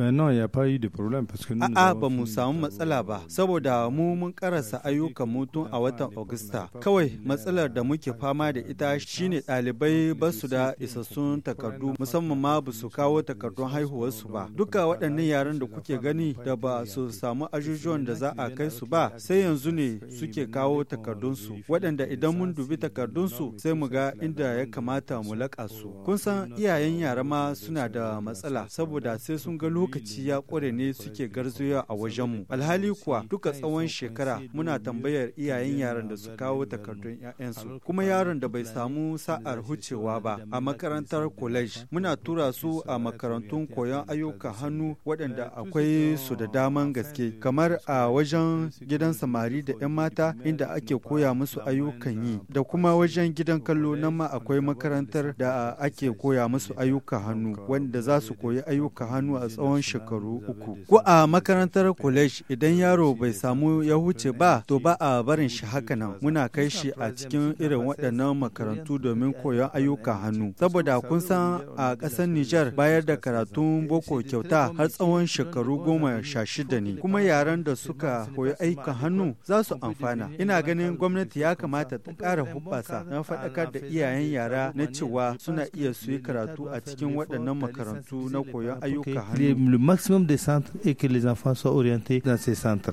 Maintenant, n'y a pas eu de problème parce que nous A'a ba mu samu matsala ba saboda mu mun karasa ayyukan mutum a watan Agusta. Kawai matsalar da muke fama da ita shine ɗalibai ba su da isassun takardu musamman ma ba su kawo takardun haihuwarsu ba. Duka waɗannan yaran da kuke gani da ba su samu ajujuwan da za a kai su ba sai yanzu ne suke kawo takardunsu waɗanda idan mun dubi takardun su sai mu ga inda ya kamata mu laƙa su. Kun san iyayen yara ma suna da matsala saboda sai sun ga luka. lokaci ya kware ne suke garzuya a wajenmu alhali kuwa duka tsawon shekara muna tambayar iyayen yaran da su kawo takardun 'ya'yansu kuma yaron da bai samu sa'ar hucewa ba a makarantar college muna tura su a makarantun koyon ayyuka hannu waɗanda akwai su da daman gaske kamar a wajen gidan samari da 'yan mata inda ake koya musu ayyukan yi da kuma wajen gidan kallo nan ma akwai makarantar da ake koya musu ayyuka hannu wanda za su koyi ayyuka hannu a tsawon tsawon shekaru uku. Ko a makarantar college idan yaro bai samu ya huce ba to ba a barin shi haka nan muna kai shi a cikin irin waɗannan makarantu domin koyon ayyukan hannu. Saboda kun san a ƙasar Nijar bayar da karatun boko kyauta har tsawon shekaru goma sha shida ne. Kuma yaran da suka koyi ayyukan hannu za su amfana. Ina ganin gwamnati ya kamata ta ƙara hubbasa na faɗakar da iyayen yara na cewa suna iya su yi karatu a cikin waɗannan makarantu na koyon ayyukan hannu. le maximum des centres et que les enfants soient orientés dans ces centres.